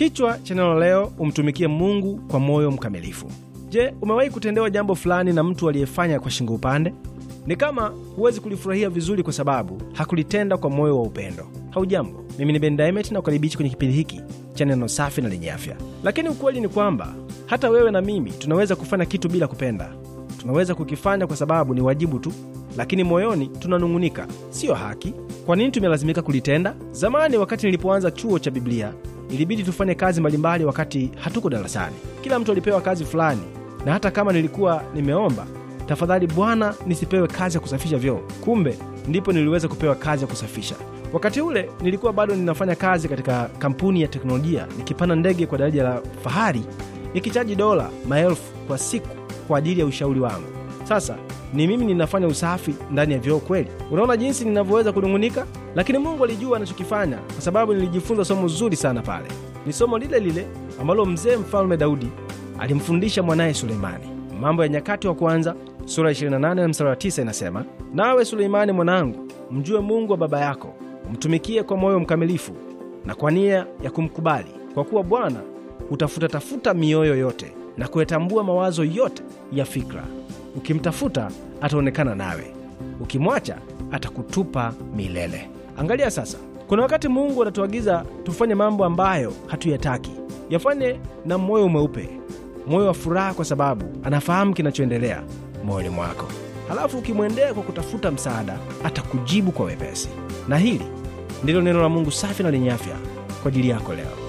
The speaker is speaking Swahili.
Kichwa cha neno leo, umtumikie Mungu kwa moyo mkamilifu. Je, umewahi kutendewa jambo fulani na mtu aliyefanya kwa shingo upande? Ni kama huwezi kulifurahia vizuri kwa sababu hakulitenda kwa moyo wa upendo. Haujambo, mimi ni Ben na ukaribishi kwenye kipindi hiki cha neno safi na lenye afya. Lakini ukweli ni kwamba hata wewe na mimi tunaweza kufanya kitu bila kupenda. Tunaweza kukifanya kwa sababu ni wajibu tu, lakini moyoni tunanung'unika, siyo haki. Kwa nini tumelazimika kulitenda? Zamani wakati nilipoanza chuo cha Biblia ilibidi tufanye kazi mbalimbali wakati hatuko darasani. Kila mtu alipewa kazi fulani, na hata kama nilikuwa nimeomba tafadhali bwana, nisipewe kazi ya kusafisha vyoo, kumbe ndipo niliweza kupewa kazi ya kusafisha. Wakati ule nilikuwa bado ninafanya kazi katika kampuni ya teknolojia, nikipanda ndege kwa daraja la fahari, nikichaji dola maelfu kwa siku kwa ajili ya ushauri wangu. Sasa ni mimi ninafanya usafi ndani ya vyoo kweli? Unaona jinsi ninavyoweza kunung'unika lakini Mungu alijua anachokifanya kwa sababu nilijifunza somo zuri sana pale. Ni somo lile lile ambalo mzee mfalme Daudi alimfundisha mwanaye Suleimani. Mambo ya Nyakati wa Kwanza sura 28 na mstari wa 9 inasema, nawe Suleimani mwanangu, mjue Mungu wa baba yako, umtumikie kwa moyo mkamilifu na kwa nia ya kumkubali, kwa kuwa Bwana hutafutatafuta mioyo yote na kuyatambua mawazo yote ya fikra. Ukimtafuta ataonekana nawe, ukimwacha atakutupa milele. Angalia sasa, kuna wakati Mungu anatuagiza tufanye mambo ambayo hatuyataki. Yafanye na moyo mweupe, moyo wa furaha, kwa sababu anafahamu kinachoendelea moyoni mwako. Halafu ukimwendea kwa kutafuta msaada, atakujibu kwa wepesi. Na hili ndilo neno la Mungu safi na lenye afya kwa ajili yako leo.